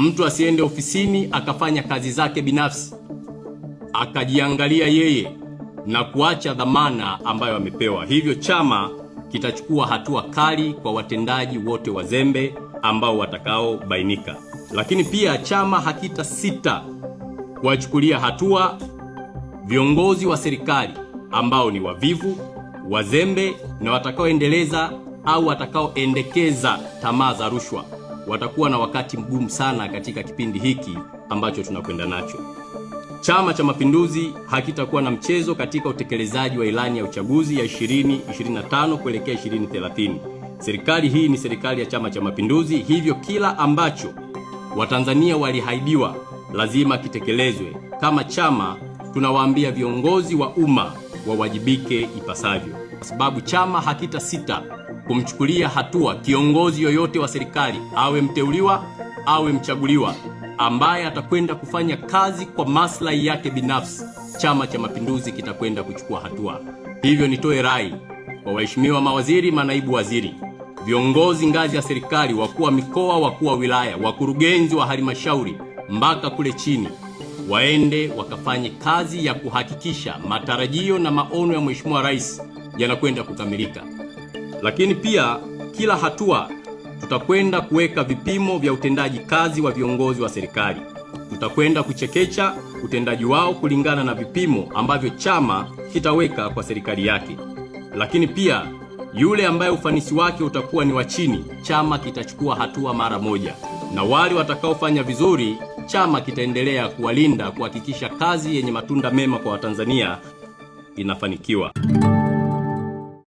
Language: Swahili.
Mtu asiende ofisini akafanya kazi zake binafsi akajiangalia yeye na kuacha dhamana ambayo amepewa. Hivyo chama kitachukua hatua kali kwa watendaji wote wazembe ambao watakaobainika, lakini pia chama hakita sita kuwachukulia hatua viongozi wa serikali ambao ni wavivu, wazembe na watakaoendeleza au watakaoendekeza tamaa za rushwa watakuwa na wakati mgumu sana katika kipindi hiki ambacho tunakwenda nacho. Chama cha Mapinduzi hakitakuwa na mchezo katika utekelezaji wa ilani ya uchaguzi ya 2025 kuelekea 2030. Serikali hii ni serikali ya Chama cha Mapinduzi, hivyo kila ambacho Watanzania walihaidiwa lazima kitekelezwe. Kama chama tunawaambia viongozi wa umma wawajibike ipasavyo, kwa sababu chama hakita sita kumchukulia hatua kiongozi yoyote wa serikali, awe mteuliwa, awe mchaguliwa, ambaye atakwenda kufanya kazi kwa maslahi yake binafsi, Chama cha Mapinduzi kitakwenda kuchukua hatua. Hivyo nitoe rai kwa waheshimiwa mawaziri, manaibu waziri, viongozi ngazi ya serikali, wakuu wa mikoa, wakuu wa wilaya, wakurugenzi wa halmashauri mpaka kule chini waende wakafanye kazi ya kuhakikisha matarajio na maono ya Mheshimiwa Rais yanakwenda kukamilika. Lakini pia kila hatua tutakwenda kuweka vipimo vya utendaji kazi wa viongozi wa serikali. Tutakwenda kuchekecha utendaji wao kulingana na vipimo ambavyo chama kitaweka kwa serikali yake. Lakini pia yule ambaye ufanisi wake utakuwa ni wa chini, chama kitachukua hatua mara moja, na wale watakaofanya vizuri, chama kitaendelea kuwalinda, kuhakikisha kazi yenye matunda mema kwa Watanzania inafanikiwa.